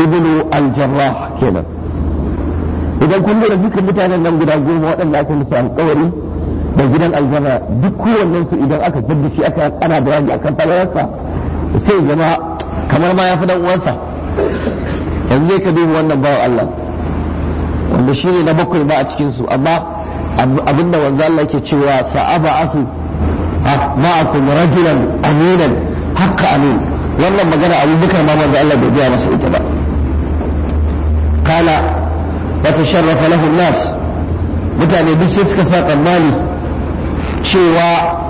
ibnu al-jarrah kenan idan kun lura dukkan mutanen nan guda goma waɗanda aka musu alƙawari da gidan aljanna duk kowannen su idan aka fidda shi aka ana bayani akan falalarsa sai zama kamar ma ya fi dan uwansa yanzu zai ka duba wannan bawan Allah wanda shi ne na bakwai ba a cikin su amma abinda wanzu Allah yake cewa sa'aba asu ah, ma'akum rajulan aminan haka amin wannan magana abubakar ma manzo Allah bai biya masa ita ba kala wa tasharrafa lahu nas mutane duk sai suka sa tsammani cewa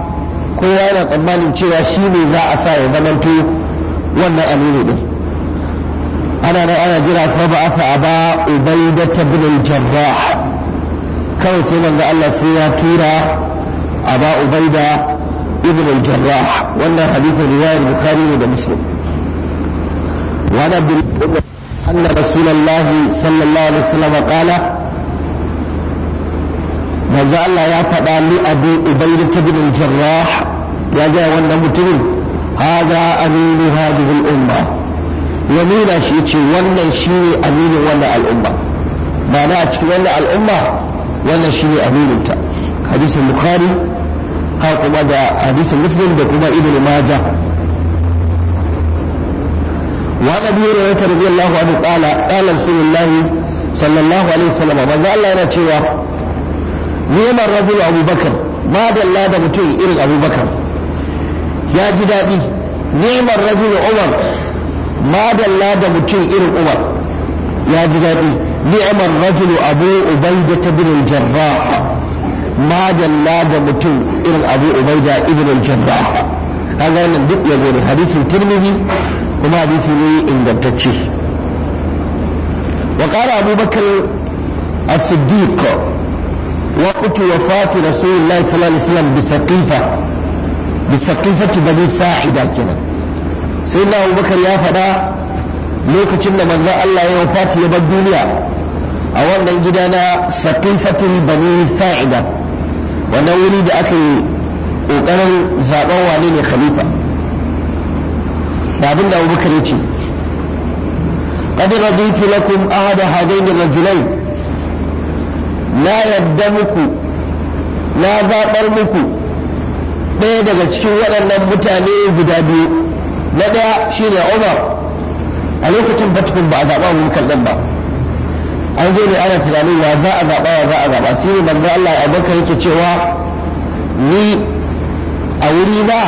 kowa yana tsammanin cewa shi ne za a sa ya zamanto wannan aminu din ana nan ana jira fa ba asa aba ubaidata bin al-jarrah kawai sai manzo Allah sai ya tura ba ubaida ابن الجراح ولا حديث رواية البخاري ومسلم وعن أن رسول الله صلى الله عليه وسلم قال manzo Allah ya faɗa li Abu Ubaydah bin al-Jarrah ya ga wannan mutumin hada aminu hadhihi al yamina shi ce wannan shine aminin wannan al'umma ma'ana a cikin wannan al'umma wannan aminin ta hadisin Bukhari haka kuma da hadisin muslim da kuma ibn majah وعن ابي هريره رضي الله عنه قال قال رسول الله صلى الله عليه وسلم من ذا الله yana cewa neman rajul abubakar ba da Allah da mutum irin abubakar ya ji daɗi neman rajul umar ba da Allah da mutum irin umar ya ji daɗi ni'mar rajul abu ubaida birin jarrah madalla da mutum irin abu ubaida ibn al-jarrah kaga wannan duk ya zo hadisin tirmidhi kuma hadisi ne ingantacce wa qala abu bakr as-siddiq وقت وفاة رسول الله صلى الله عليه وسلم بسقيفة بسقيفة بني ساعدة كنا سيدنا أبو بكر يا فدا lokacin da manzo Allah ya wafati ya bar duniya a wannan gida na saqifatul bani sa'ida wannan wuri da aka yi ƙoƙarin zaɓen wane ne khalifa da abin da abubakar ya ce قد رضيت لكم أحد هذين na yadda muku, na zaɓar muku ɗaya daga cikin waɗannan mutane guda biyu na ɗaya shine Umar a lokacin Fatkun ba a zaɓa Abubakar ba an zo ne ana tunanin wa za a zaɓa wa za a zaɓa shi ne manzo Allah ya abaka yake cewa ni a wuri ba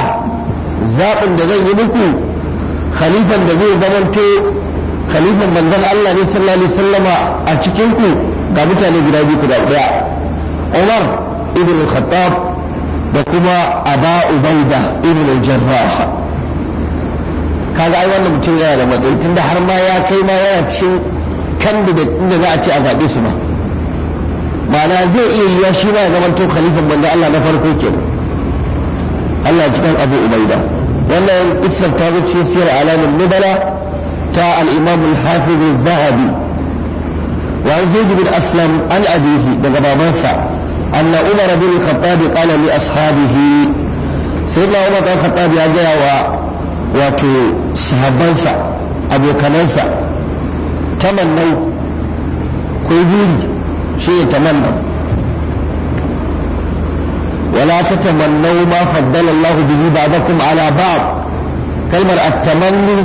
zaɓin da zan yi muku khalifan da zai zamanto khalifan manzon Allah ne sallallahu alaihi wasallama a cikin ku ga mutane guda biyu guda daya Umar ibn Khattab da kuma Aba Ubaida ibn Jarrah kaga ai wannan mutum yana da matsayi tunda har ma ya kai ma yana cikin kan da inda za a ce a zaɓe su ba ma'ana zai iya yiwa shi ma ya zamanto khalifan manzo Allah na farko kenan Allah ya cikin Abu Ubaida wannan kissar ta zo cikin sirar alamin nubala ta al-Imam al-Hafiz zahabi wa Zaid bin Aslam an abihi daga babansa أن عمر بن الخطاب قال لأصحابه سيدنا عمر بن الخطاب يا جاء wa wato أبو abokanansa. tamannau ko buri shi ya tamannau wala ta tamannau ma faddala Allah bihi ba'dakum ala ba'd kalmar at-tamanni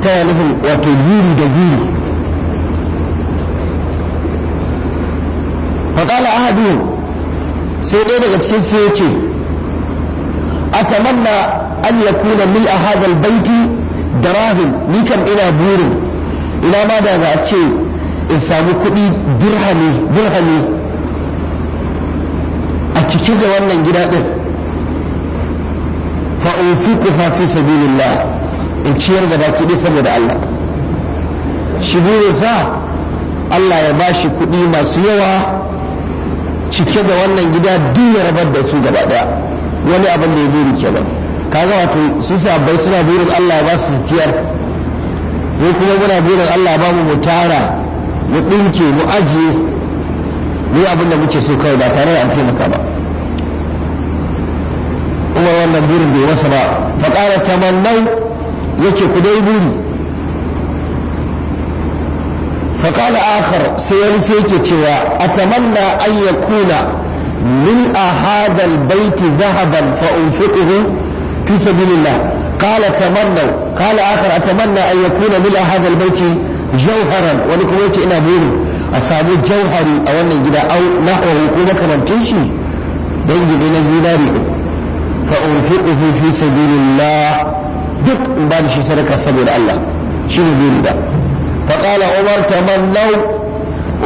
ta nufin wato buri da buri faqala ahadun sai dai daga cikin su yace atamanna an yakuna a hadha al da dirahim ni kam ina burin ina ma da za a ce in samu kuɗi birhani a cike da wannan gida ɗin fa'unfiku fa fi sabilillah in ciyar da baki ɗin saboda Allah shi sa Allah ya bashi kuɗi masu yawa cike da wannan gida duk ya rabar da su gaba ɗaya wani abin da ya buri ke kenan kaga wato su sabai suna burin Allah ya ba su ciyar mu kuma muna birin Allah ba mu tara mu ɗinke mu ajiye mu abin da muke so kawai ba tare da an taimaka ba wannan burin bai masa ba fa ƙara tamannau yake ku dai buri fa ƙala akhar sai wani sai yake cewa atamanna an yakuna mil a hadal baiti zahaban fa unfiquhu fi sabilillah قال تمنوا قال آخر أتمنى أن يكون ملء هذا البيت جوهرا ولكم يأتي إنا بيري أصابوا جوهري أو أن جدا أو نحوه يكون كما تنشي دنجي دين الزناري فأنفقه في سبيل الله دك مبارش سرك سبيل الله شنو بيري ده فقال عمر تمنوا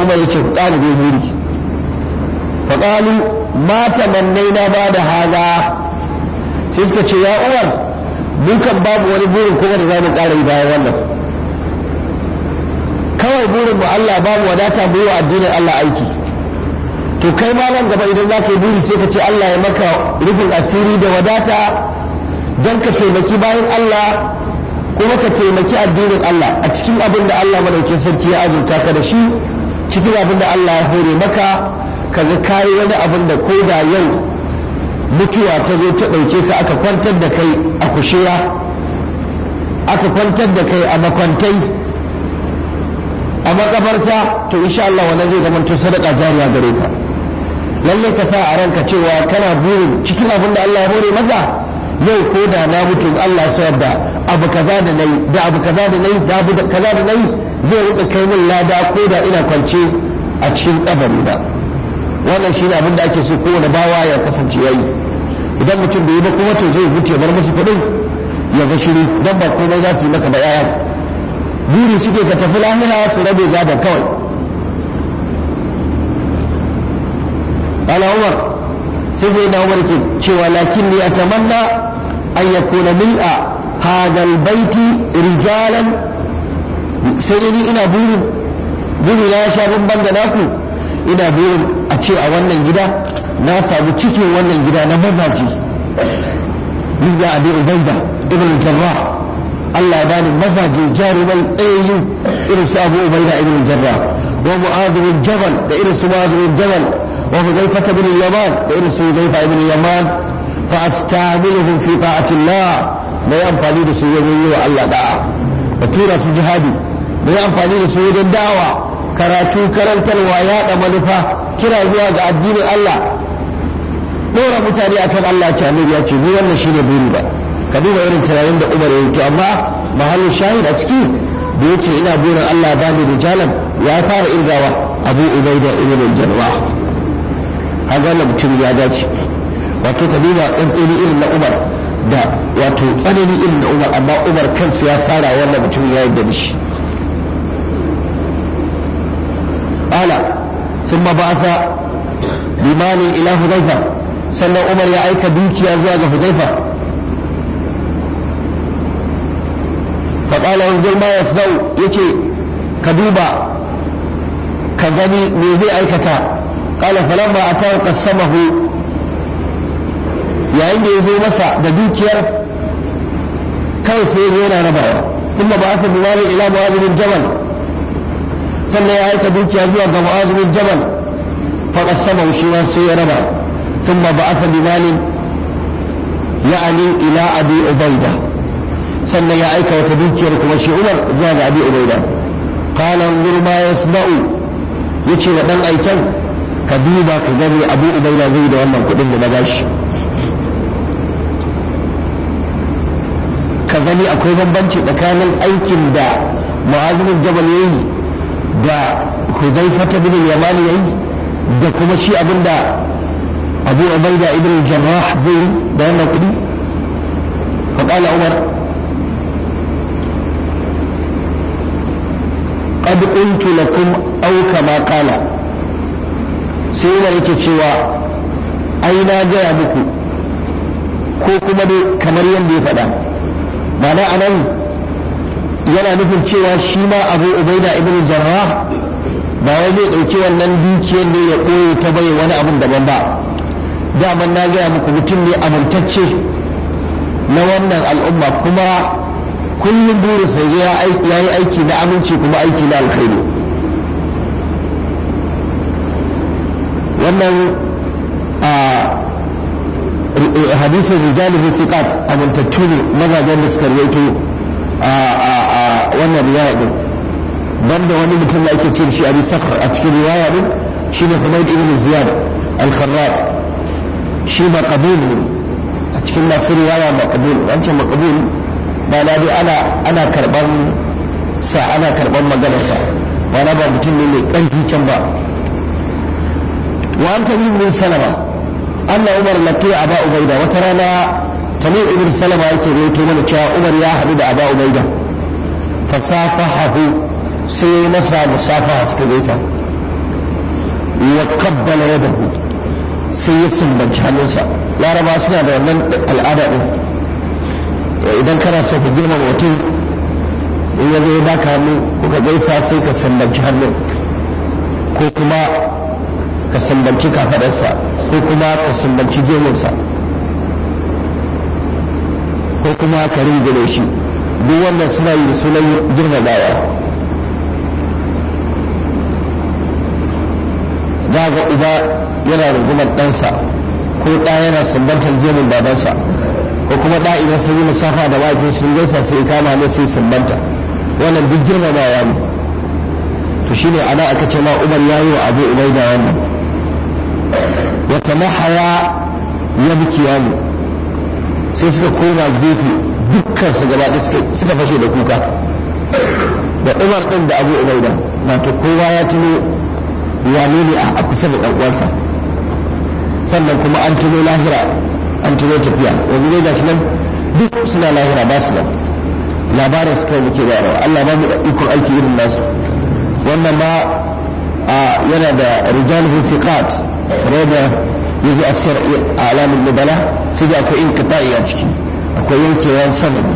عمر يتشف قال بيري فقالوا ما تمنينا بعد هذا سيسكتش يا عمر mun babu wani burin kuma da za mu ƙara yi bayan wannan kawai burin mu Allah babu wadata mu wa addinin Allah aiki to kai ma nan gaba idan za ka yi buri sai ka ce Allah ya maka rufin asiri da wadata don ka taimaki bayan Allah kuma ka taimaki addinin Allah a cikin abin da Allah madaukin sarki ya azurta ka da shi cikin abin da Allah ya hore maka kaga kayi wani abin da ko da yau mutuwa ta zo ta ɗauke ka aka kwantar da kai a kushewa aka kwantar da kai a makwantai a makabarta to insha Allah wannan zai zama to sadaka jariya gare ka lalle ka sa a ranka cewa kana burin cikin abin da Allah ya hore maka yau ko da na mutu Allah ya da abu kaza da nayi da abu kaza da nayi da abu kaza da nayi zai rika kai min lada ko da ina kwance a cikin kabari ba wannan shi ne abin da ake so kowane bawa ya kasance ya yi idan mutum bai yi ba kuma to zai mutu ya bar musu kuɗin ya ga shiru don ba komai za su yi maka ba yaya buri suke ka tafi lahira su rabe gadon kawai ala umar sai zai na umar ke cewa lakin ni atamanna an yakuna mil'a hadal baiti rijalan sai ni ina burin buri na ya sha bamban da naku ina burin a ce a wannan gida na samu cikin wannan gida na mazaje Mirza Abi Ubaida ibn Jarrah Allah ya bani mazaje jarumai tsayayi irin su Abu Ubaida ibn Jarrah wa Mu'adh bin Jabal da irin su Mu'adh bin Jabal wa Hudayfa ibn Yaman da irin su Hudayfa ibn Yaman fa astamiluhum fi ta'ati Allah da ya amfani da su wajen yi wa Allah da'a ka tura su jihadi da ya amfani da su wajen da'awa karatu karantarwa yaɗa manufa kira zuwa ga addinin Allah ɗora mutane akan Allah ta annabi ya ce ni wannan shine buri ba ka duba irin tunanin da Umar ya yi to amma mahallin shahid a ciki da yace ina burin Allah ba ni rijalan ya fara irgawa Abu Ubaida ibn Jarrah Haga na mutum ya dace wato ka duba tsantseni irin na Umar da wato tsanani irin na Umar amma Umar kansa ya fara wannan mutum ya yarda da shi sun ba'asa bimalin ila huzaifa sannan umar ya aika dukiya zuwa ga huzaifa faƙala wanzur ma yasnau ya ce ka ka gani me zai aikata ƙala falamma a ta ƙasamahu yayin da ya zo masa da dukiyar kawai sai yana rabawa sun ba'asa bimalin ila mu'azinin jabal sannan ya aika dukiya zuwa ga mu'azu bin jabal fa shi ma sai ya raba thumma ba'atha bi malin ya'ani ila abi ubaida sannan ya aika wata dukiyar kuma shi umar zuwa ga abi ubaida qala anzur ma ya yace wa dan aiken ka duba ka gani abu ubaida zai da wannan kudin da na bashi ka gani akwai bambanci tsakanin aikin da ma'azumin jabal ya yayi da huzaifata bin yamani yayi da kuma shi abinda abu ubaida ibn jarrah zai da wannan kudi faƙala umar qultu lakum aw kama كما sai wani yake cewa ai na gaya muku ko kuma dai kamar yadda ya faɗa ma'ana anan yana nufin cewa shi ma abu ubaida ibn jarra ba wai zai ɗauki wannan dukiyar ne ya ɓoye ta bai wani abin daban ba daman na gaya muku mutum ne amintacce na wannan al'umma kuma kullum burinsa ya yi aiki na aminci kuma aiki na alkhairi wannan hadisin rijalihi Sikat amintattu ne mazajen da suka rawaito a wannan riwaya din da wani mutum da ake ce shi abi sakhr a cikin riwaya din shine Humayd ibn Ziyad al-Kharrat shi maqbul a cikin masu riwaya maqbul wancan maqbul ba na dai ana ana karban sa ana karban maganar sa ba na ba mutum ne mai ƙarfi can ba wa an tabi bin salama anna umar laqiya aba ubaida wata rana tamir ibn salama yake rawaito mana cewa umar ya haɗu da aba Fasafa fasafahahu sai ya yi masa musafaha suka gaisa wa qabbala yadahu sai ya sumbanci hannunsa laraba suna da wannan al'ada din idan kana so ka girma mutum in ya zo baka hannu kuka gaisa sai ka sumbanci hannun ko kuma ka sumbanci kafadarsa ko kuma ka sumbanci gemunsa ko kuma ka da shi duk wannan suna yi sunan girmamawa za ga uba yana rungumar ɗansa ko ɗa yana sumbantar jemin babansa ko kuma ɗa idan sun yi musafa da wafin sun gaisa sai kama ne sai sumbanta wannan duk girmamawa ne to shi ne ana aka ce ma umar ya yi wa abu da wannan wata mahaya ya ya ne sai suka koma gefe dukkan su gaba suka fashe da kuka da umar din da abu ubaida wato kowa ya tuno wane ne a kusa da uwarsa sannan kuma an tuno lahira an tuno tafiya wani dai gashi nan duk suna lahira ba su nan labarin su kawai muke bayarwa Allah ba mu ikon aiki irin nasu wannan ma yana da rijal fiqat rada yaji a shar'i a alamin nubala sai da akwai inqita'i a ciki akwai yankewar sanadi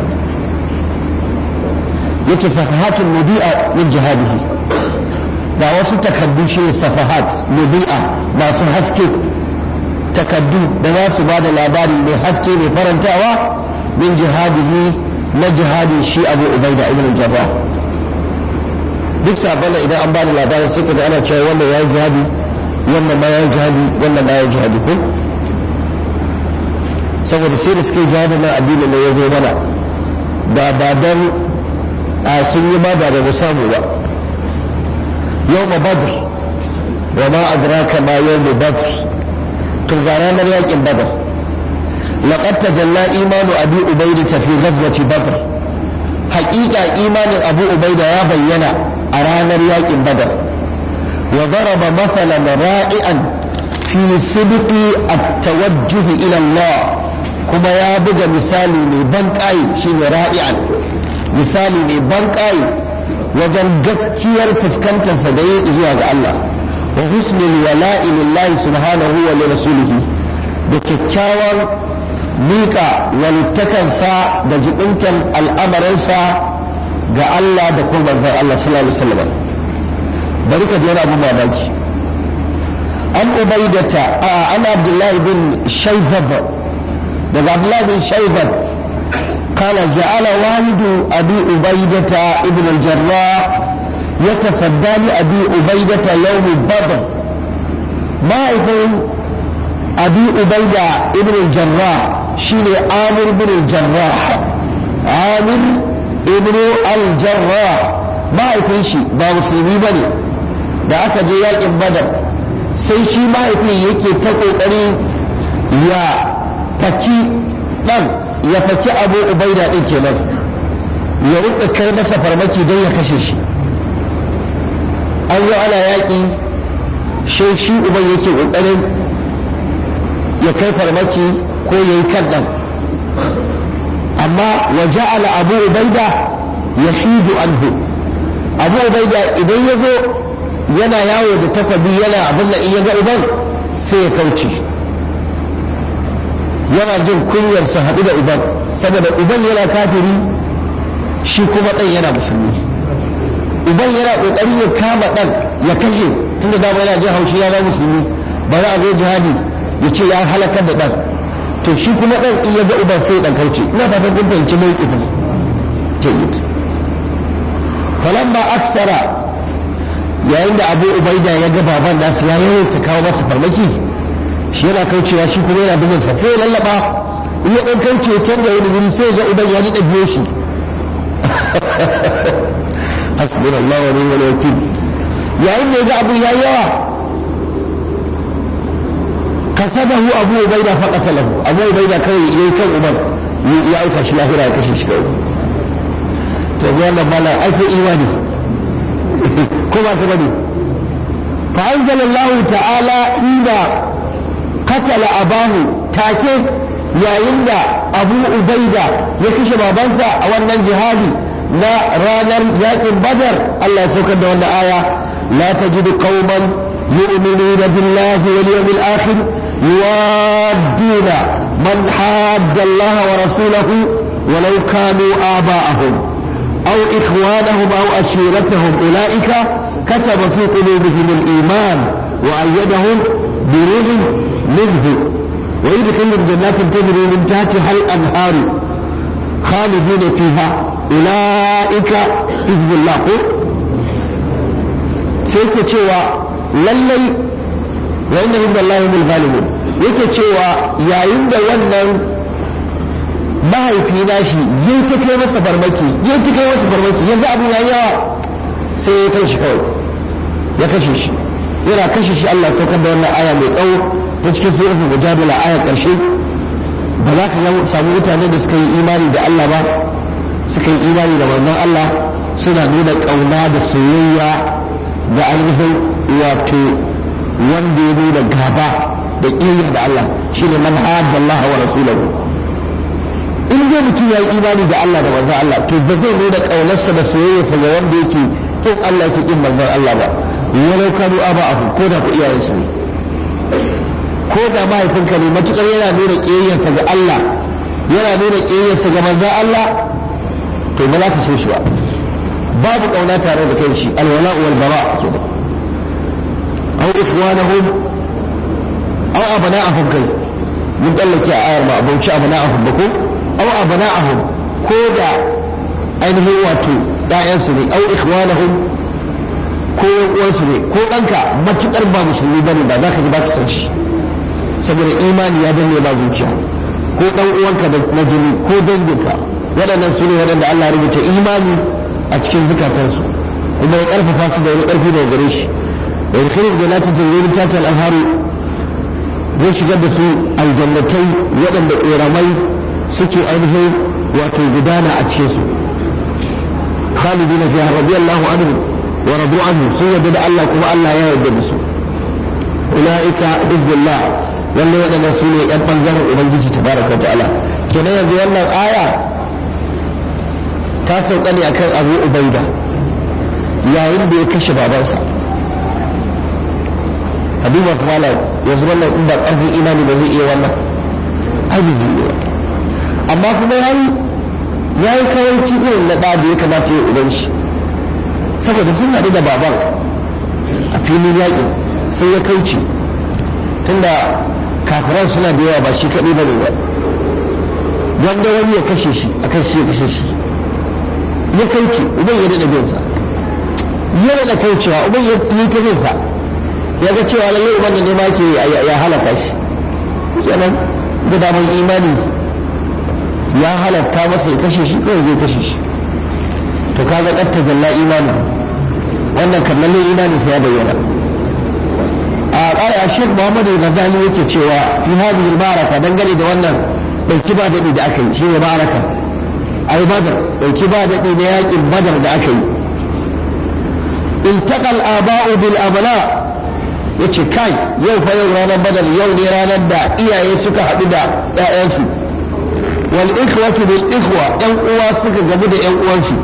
yace safahatul mudi'a min jihadihi ga wasu takaddu shi ne safahat mudi'a masu haske takaddu da za su bada labari mai haske mai farantawa min jihadihi na jihadin shi abu ubaida ibn jarrah duk sabana idan an bada labarin sai ka ana cewa wannan yi jihadi wannan ma ya jihadi wannan ma ya jihadi ko saboda sai da suke jihadi na addini ne ya zo mana da ba dan a sun yi ba da mu samu ba yau ma badr wa ma adraka ma yau ma badr to ga ranar yakin badr laqad tajalla imanu abi ta fi ghazwati badr haqiqa imanin abu ubayda ya bayyana a ranar yakin badr wa daraba masalan ra'ian fi sidqi at-tawajjuh ila Allah kuma ya buga misali mai ban kai shine ra'ian misali mai ban wajen gaskiyar fuskantarsa da yi zuwa ga Allah wa husnul wala'i lillahi subhanahu wa li rasulihi da kyakkyawar miƙa walittakansa da jibintan al'amarinsa ga Allah da kuma manzon Allah sallallahu alaihi bari ka jera abu mamaki an ubaidata a an abdullahi bin shaifab daga abdullahi bin shaifab kala za'ala walidu abi ubaidata ibn aljarra ya tasadda ni abi ubaidata yawmi badr ma'aikun abi ubaida ibn aljarra shine amir bin amir ibn aljarra ma'aikun shi ba musulmi bane ne da aka je yakin badar sai shi mahaifin yake ta kokari ya faki dan ya faki abu ubaida din kenan ya rika kai masa farmaki don ya kashe shi an zo ana yaƙi shi shi uban yake kokarin ya kai farmaki ko ya yi kan dan amma wa ja'ala abu ubaida yahidu anhu abu ubaida idan ya zo yana yawo da takobi yana abin da iya ga uban sai ya kauce yana jin kunyar sa haɗu da uban saboda uban yana kafiri shi kuma ɗan yana musulmi uban yana ƙoƙari ya kama ɗan ya kashe tunda dama yana jin haushi ya zama musulmi bari a zo jihadi ya ce ya halakar da ɗan to shi kuma ɗan in ya ga uban sai ya ɗan kauce ina fatan kun fahimci mai ƙifin jayyid falamma aksara yayin da abu ubaida ya ga baban nasu ya yayin kawo masa farmaki shi yana kaucewa shi kuma yana dubin sa sai lallaba in ya dan kauce can da wani guri sai ga uban ya ji da biyo shi allah wa ni'mal wakil yayin da ya ga abu ya yawa kasabahu abu ubaida faqata lahu abu ubaida kai yayi kan uban ya aika shi lahira ya kashe shi kai to wannan malam ai sai iwani ko ba ka bane fa anzalallahu ta'ala ida qatala abahu take yayin da abu ubaida ya kashe babansa a wannan jihadi na ranar yakin badar Allah ya saukar da wannan aya la tajidu qauman yu'minuna billahi wal yawmil akhir يوادون من حاد الله ورسوله ولو كانوا آباءهم أو إخوانهم أو أسيرتهم أولئك كتب في قلوبهم الإيمان وأيدهم بروح منه ويدخل جنات تجري من تحتها الأنهار خالدين فيها أولئك حزب الله سيكون cewa تشوى wa inna hizballahi hum هم الغالبون yake تشوى يا da wannan mahaifi na shi ya ta kai masa farmaki ya ta kai masa farmaki yanzu abu ya yawa sai ya kai shi kawai ya kashe shi yana kashe shi Allah saukar da wannan aya mai tsawo ta cikin guda mujadala aya karshe ba za ka samu mutane da suka yi imani da Allah ba suka yi imani da manzon Allah suna nuna kauna da soyayya da ainihin wato wanda ya nuna gaba da ƙiyar da Allah shine man hadda Allah wa rasulahu in zai mutum ya yi imani ga Allah da manzon Allah to ba zai nuna kaunarsa da soyayyarsa ga wanda yake kin Allah yake kin manzon Allah ba walau kanu abu ko da ku su ne ko da mahaifinka ne matukar yana nuna kiyayensa ga Allah yana nuna kiyayensa ga manzon Allah to ba za ka so shi ba babu kauna tare da kai shi alwala wal bara kenan aw ikhwanahum aw abna'ahum kai mun tsallake a ayar ma bauci abna'ahum ba ko aw abna'ahum ko da ainihin wato ɗayansu ne aw ikhwanahum ko uwansu ne ko ɗanka matukar ba musulmi bane ba za ka ji ba ka san shi saboda imani ya danne ba zuciya ko ɗan uwanka na jini ko danginka waɗannan su ne waɗanda Allah ya rubuta imani a cikin zukatansu kuma ya ƙarfafa su da wani ƙarfi daga gare shi da yankin jannatin ta zai tata al'aharu zai shigar da su aljannatai waɗanda ƙoramai suke ainihin wato gudana a cikin su khalidina fiha radiyallahu anhu wa radu anhu sun yarda da Allah kuma Allah ya yarda da su ulaika hizbullah lalle waɗannan su ne ɗan ɓangaren ubangiji tabaraka ta'ala kenan yanzu wannan aya ta sauka ne akan abu ubaida yayin da ya kashe babansa a duba kuma yanzu wannan in ba ƙarfin imani ba zai iya wannan ai zai iya amma kuma ya yi ya yi kawanci irin na ɗa da ya kamata ya uban shi saboda sun haɗu da baban a filin yaƙin sai ya kauce tunda kafiran suna da yawa ba shi kaɗai ba ne ba wanda wani ya kashe shi a kan shi ya kashe shi ya kauce uban ya daɗa binsa ya daɗa kaucewa uban ya yi ta binsa ya ga cewa lallai uban da ne ma ke ya halaka shi kenan da damar imani ya halatta masa ya kashe shi kawai zai kashe shi to kaga qad tajalla imanin, wannan kallalle imani sai ya bayyana a ƙara Sheikh Muhammad al-Ghazali yake cewa fi hadhihi al-baraka dangane da wannan dauki ba dadi da aka yi shi shine baraka ai badar dauki ba dadi da yaƙin badar da aka yi intaqal aba'u bil abla' ya ce kai yau fa yau ranar badar yau ne ranar da iyaye suka haɗu da 'ya'yansu wal ikhwatu bil ikhwa yan uwa suka gamu da yan uwansu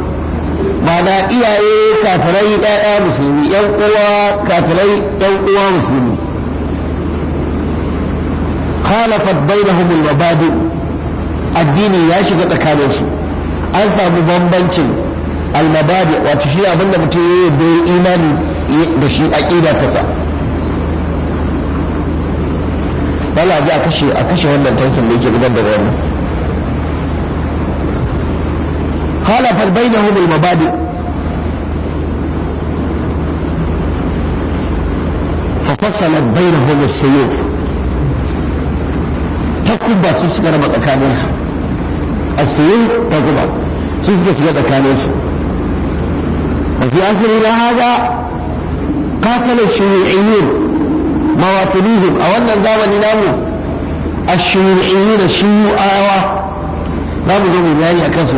ma'ana iyaye kafirai ɗaya musulmi yan uwa kafirai yan uwa musulmi khalafat bainahum al mabadi addini ya shiga tsakaninsu an samu bambancin al mabadi wato shi abinda mutum ya yarda imani da shi aqida ta sa wala ji a kashe wannan tankin da yake gudanar da wannan خالفت بينهم المبادئ ففصلت بينهم السيوف تكبا سوسك ما تكاملها السيوف تكبا سوسك شغل تكاملها وفي أصل إلى هذا قاتل الشيوعيين مواطنيهم أولا زمن ناموا الشيوعيين الشيوعاوة za mu zo mu bayani a kansu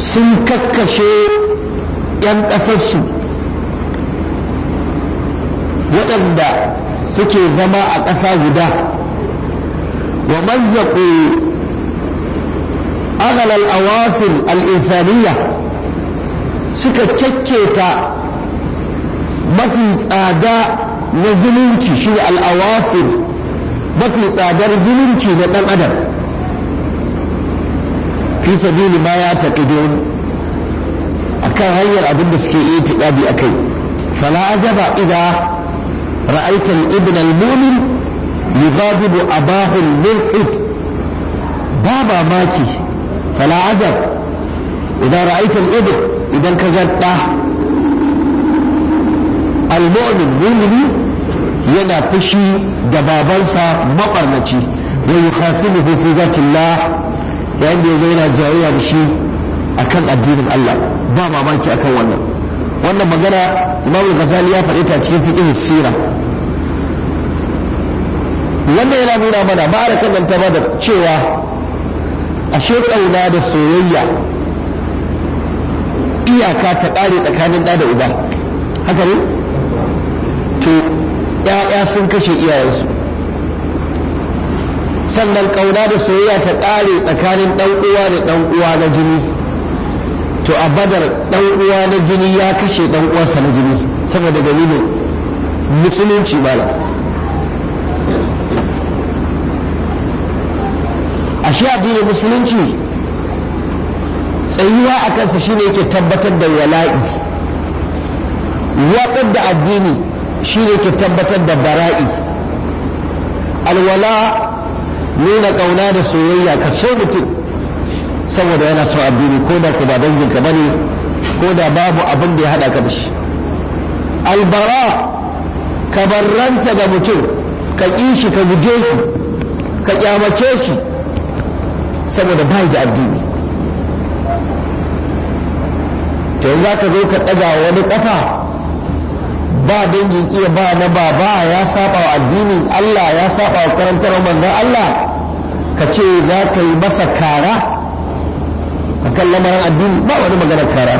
sun kakkashe 'yan ƙasarsu waɗanda suke zama a ƙasa guda wa manzaƙo aghalal awasir al'insaniya suka cakketa mafi tsada na zulunci shi al'awasir mafi tsadar zulunci na ɗan adam fi sabili ma ya taqidun akan hanyar abin da suke itiqadi akai fala ajaba idan ra'aita ibn al-mu'min yughadibu abahu al ba mamaki fala ajab idan ra'aita al-ibn idan ka da al-mu'min mu'mini yana fushi da babansa mabarnaci wa yayin da ya yana jayayya da shi a kan addinin Allah ba mamaki a kan wannan wannan magana Imam Ghazali ya faɗi ta cikin fiqh sira wanda yana nuna mana ma'arakan nan ta ba da cewa ashe ƙauna da soyayya iyaka ta ƙare tsakanin ɗa da uba haka ne to ‘ya'ya sun kashe iyayensu sannan ƙauna da soyayya ta ƙare tsakanin ɗan uwa da ɗan uwa na jini to a badar ɗan uwa na jini ya kashe ɗan uwarsa na jini saboda dalilin musulunci malam ashe addinin musulunci tsayuwa a kansa shine yake tabbatar da wala'i watsar da addini shine yake tabbatar da bara'i alwala nuna kauna da soyayya ka so mutum saboda yana son addini ko da ku ba dangin ka bane ko da babu abin da ya hada ka da shi albara ka barranta da mutum ka ƙi ka guje shi ka kyamace shi saboda ba da addini to yanzu ka zo ka ɗaga wani ƙafa ba dangin iya ba na baba ya saba wa addinin Allah ya saba wa karantar manzon Allah ka ce za ka yi masa kara a kan lamarin addini ba wani magana kara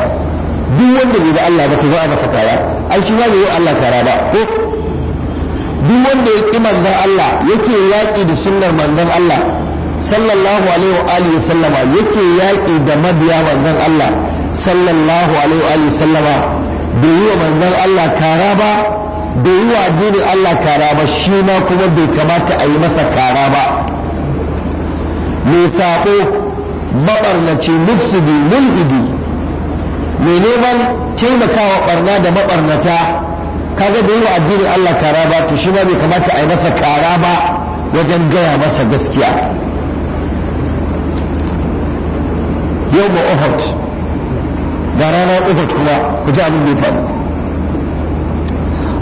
duk wanda bai da Allah ba ta za a masa kara ai shi ma bai yi Allah kara ba ko duk wanda ya ƙi manzon Allah yake yaƙi da sunnar manzon Allah sallallahu alaihi wa alihi wa sallama yake yaƙi da mabiya manzon Allah sallallahu alaihi wa alihi wa sallama bai yi wa manzon Allah kara ba bai yi wa addinin Allah kara ba shi ma kuma bai kamata a yi masa kara ba mai saƙo maɓarnaci mufsidi mulhidi mai neman taimakawa ɓarna da maɓarnata kaga da yawa addinin Allah kara ba to shi ma bai kamata a yi masa kara ba wajen gaya masa gaskiya yau ma Uhud ga ranar Uhud kuma ku ji abin da ya faru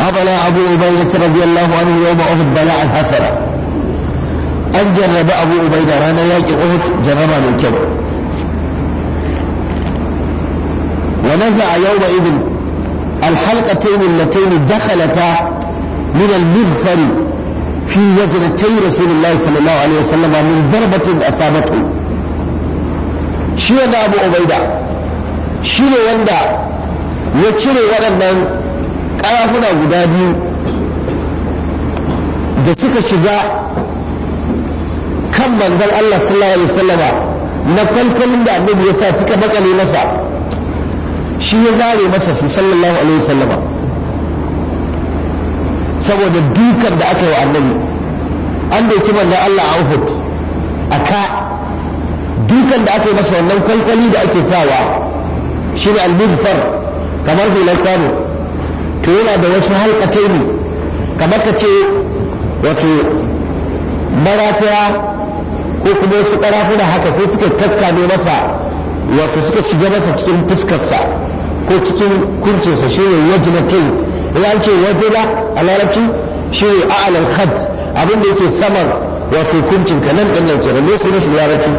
أبلى أبو عبيدة رضي الله عنه يوم أحد بلاء حسنة an jarrabi abu ubaida ranar yaƙi uhud jarraba mai kyau wa naza'a yawma idin alhalqatayn allatayn dakhalata min al-mizfar fi yajratay rasulullah sallallahu alaihi wasallam min darbatin asabatu shi wanda abu ubaida shi ne wanda ya cire waɗannan ƙarafuna guda biyu da suka shiga kan manzon Allah sallallahu alaihi wasallama na kwalkwalin da annabi ya sa suka bakale masa shi ya zare masa su sallallahu alaihi wasallama saboda dukan da aka yi wa annabi an doki manzon Allah a Uhud a ka dukan da aka yi masa wannan kwalkwali da ake sawa shi ne almudfar kamar hular kwano to yana da wasu halkatai ne kamar ka ce wato marataya ko kuma wasu ƙarafuna haka sai suka kakkame masa wato suka shiga masa cikin fuskarsa ko cikin kuncinsa shi ne wajinatai idan ce wajina a larabci shi ne a'alal had abin da yake saman wato kuncin ka nan ɗin nan kenan me sunan shi larabci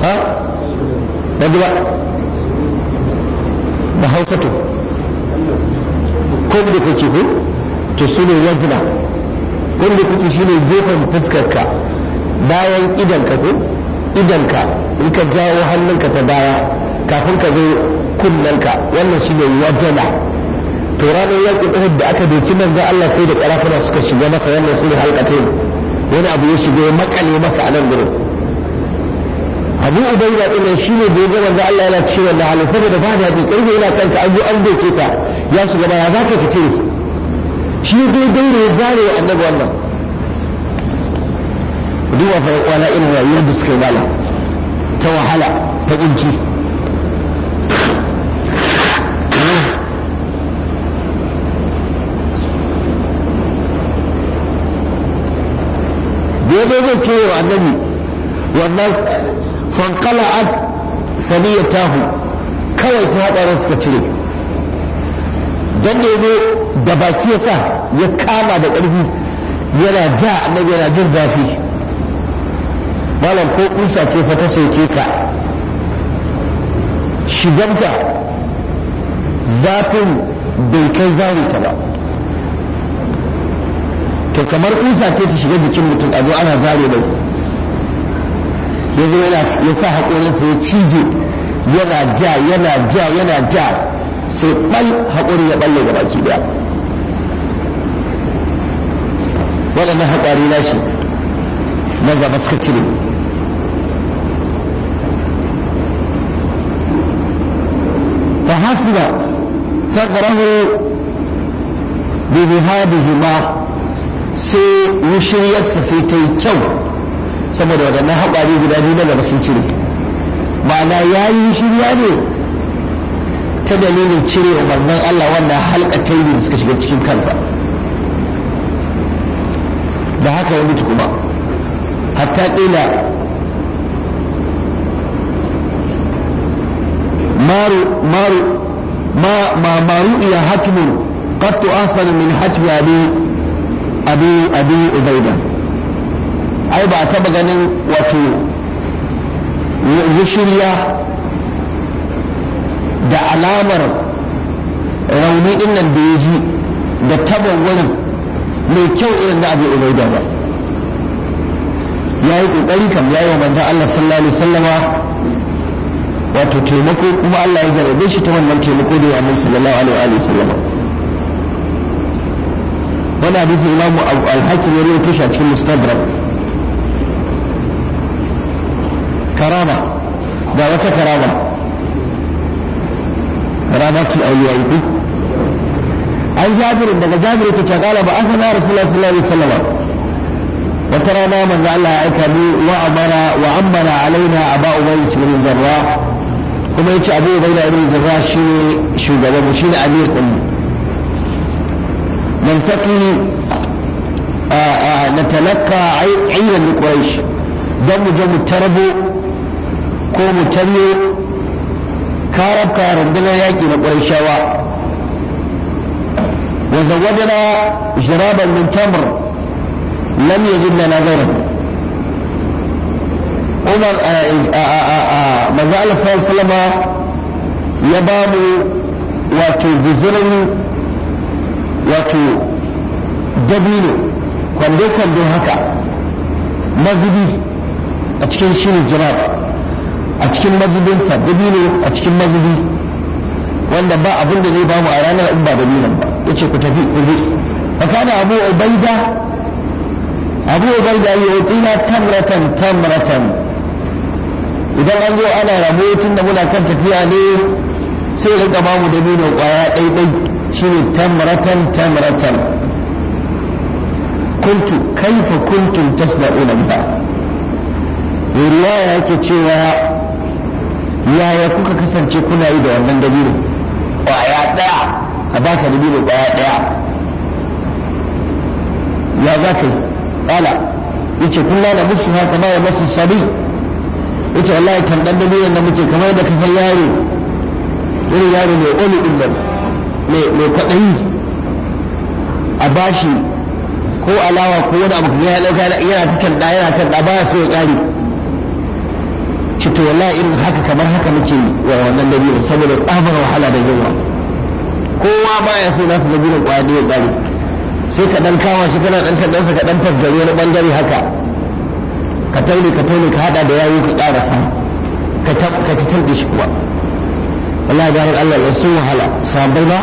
ha na ba da hausa to kun da kake ko to su ne wajina kun da kuke shi ne gefen fuskarka bayan idanka ko idanka in ka jawo hannunka ta baya kafin ka zo kunnanka wannan shi ne wajala to ranar yakin uhud da aka doki za Allah sai da karafuna suka shiga masa wannan su ne halkatai wani abu ya shiga ya makale masa a nan gurin abu da ɗin shi ne da ya ga za Allah yana cewa na halin saboda ba da karfe yana kanka an zo an doke ka ya shiga ba ya ka fice shi dai dai ya zare annabi wannan duba fa wala irin rayuwar da suka yi bala ta wahala ta kunci da ya zai ce wa annabi wannan fankala'at saniyatahu kawai su haɗarin suka cire don da ya zo da baki ya sa ya kama da ƙarfi yana ja annabi yana jin zafi malam ko kusa ce fa ta soke ka shigarka zafin bai kai zari ta ba to kamar kusa ce ta shiga jikin mutum a zo ana zare bai yanzu yana ya sa haƙorinsa ya cije yana ja yana ja yana ja sai ɓal haƙorin ya ɓalle gaba baki daya waɗannan haƙari na shi na gaba suka cire حسب صدره بذهابهما sai wushiyarsa sai ta yi kyau saboda waɗannan haɓari guda biyu na gaba sun cire ma'ana ya yi wushiriya ne ta dalilin cire wa manzon Allah wannan halka ta da suka shiga cikin kansa da haka ya mutu kuma hatta ƙila maru maru ما ما ما رؤي حتم قد أحسن من حتم أبي أبي أبي عبيدة أي بعد ganin wato gishiriya da alamar rauni din nan da ya ji da taban wurin mai kyau irin da abu ubaida ba ya yi ƙoƙari kam ya yi wa manzan Allah wato taimako kuma Allah ya jarabe shi ta wannan taimako da ya annabi sallallahu alaihi wa sallam wannan hadisin imamu al-hakim ya rawaito shi a cikin mustadrak karama ga wata karama karama karamatul awliya ko an jabir daga jabir ta gala ba aka na rasulullahi sallallahu alaihi wasallam wata rana manzo Allah ya aika ni wa amara wa amara alaina aba ubayy bin zarra. kuma yace abu ubaida ibn jarrah shine shugaban mu shine amir kun din mu na talaka ayran li quraish dan mu je mu tarbo ko mu karab karabka da yaki na qurayshawa wa zawadna jaraban min tamr lam yajid lana ghayrahu umar a manzo Allah sallallahu ya ba mu wato guzurin wato dabino kwando-kwando haka mazubi a cikin shirin jirab a cikin mazubinsa dabino a cikin mazubi wanda ba abin da zai ba mu a ranar in ba dabinan ba ya ce ku tafi ku fakana abu ubaida abu ubaida ya yi tamratan tamratan idan an zo ana rabo tun da muna kan tafiya ne sai rika ba da dabino kwaya ɗaiɗai ne tamratan tamratan kuntu kaifa kuntum tasna'una biha riwaya yake cewa yaya kuka kasance kuna yi da wannan dabino kwaya ɗaya a baka dabino kwaya ɗaya ya za ka yi ƙala yace kullana musu haka ma ya masu sabi yace wallahi tandan da biyan da muke kamar da kasan yaro wani yaro mai oli din mai kwaɗayi a bashi ko alawa ko wani abu ya ɗauka yana ta canɗa yana tanda ba so ya ƙari cito to wallahi irin haka kamar haka muke wa wannan dabiyar saboda tsabar wahala da yawa kowa baya so nasu dabiyar kwaya da ya kare sai ka ɗan kawo shi kana ɗan tandansa ka ɗan fasgari wani ɓangare haka ka taune ka taune ka hada da yayi ka karasa ka tabbatar da shi kuwa wallahi da Allah ya sun wahala sabai ba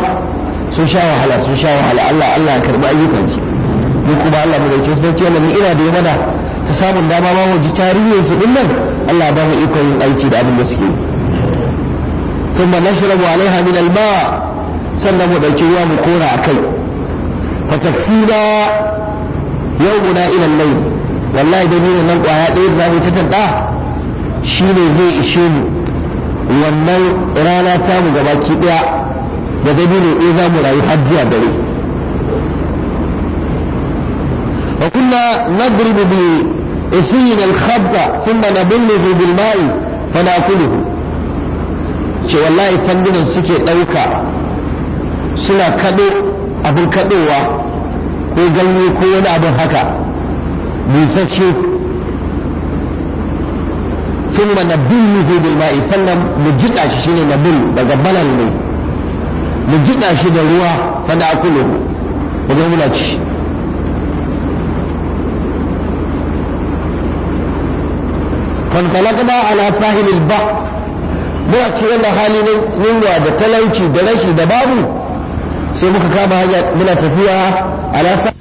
sun sha wahala sun sha wahala Allah Allah ya ayyukan ayyukansu mu kuma Allah mu dauke sarki wannan ina da yamada ta samun dama ma mu ji tarihin su dinnan Allah ba mu iko yin aiki da abin da suke thumma nashrabu alaiha min alma sannan mu dauki ruwa mu kora akai fatakfina yawmuna ila al-layl wallahi dalilin nan kwaya ɗaya da zamu tattaɓa shi ne zai ishe mu wannan rana ta mu gabaki ɗaya da dalilin ɗaya za mu rayu har zuwa dare wa kunna nadribu bi usiyina al-khabta thumma nabullighu bil ma'i fa na'kuluhu ce wallahi sandunan suke ɗauka suna kaɗo abin kaɗowa ko ganye ko wani abin haka busacce sun ma na bin bil ma'i sannan mu jiƙa shi shine na bin daga balal ne mu jiƙa shi da ruwa fada akulu daga muna ci kan fantalaqna ala sahilil ba muna ci wannan hali ne yunwa da talauci da rashi da babu sai muka kama hanya muna tafiya ala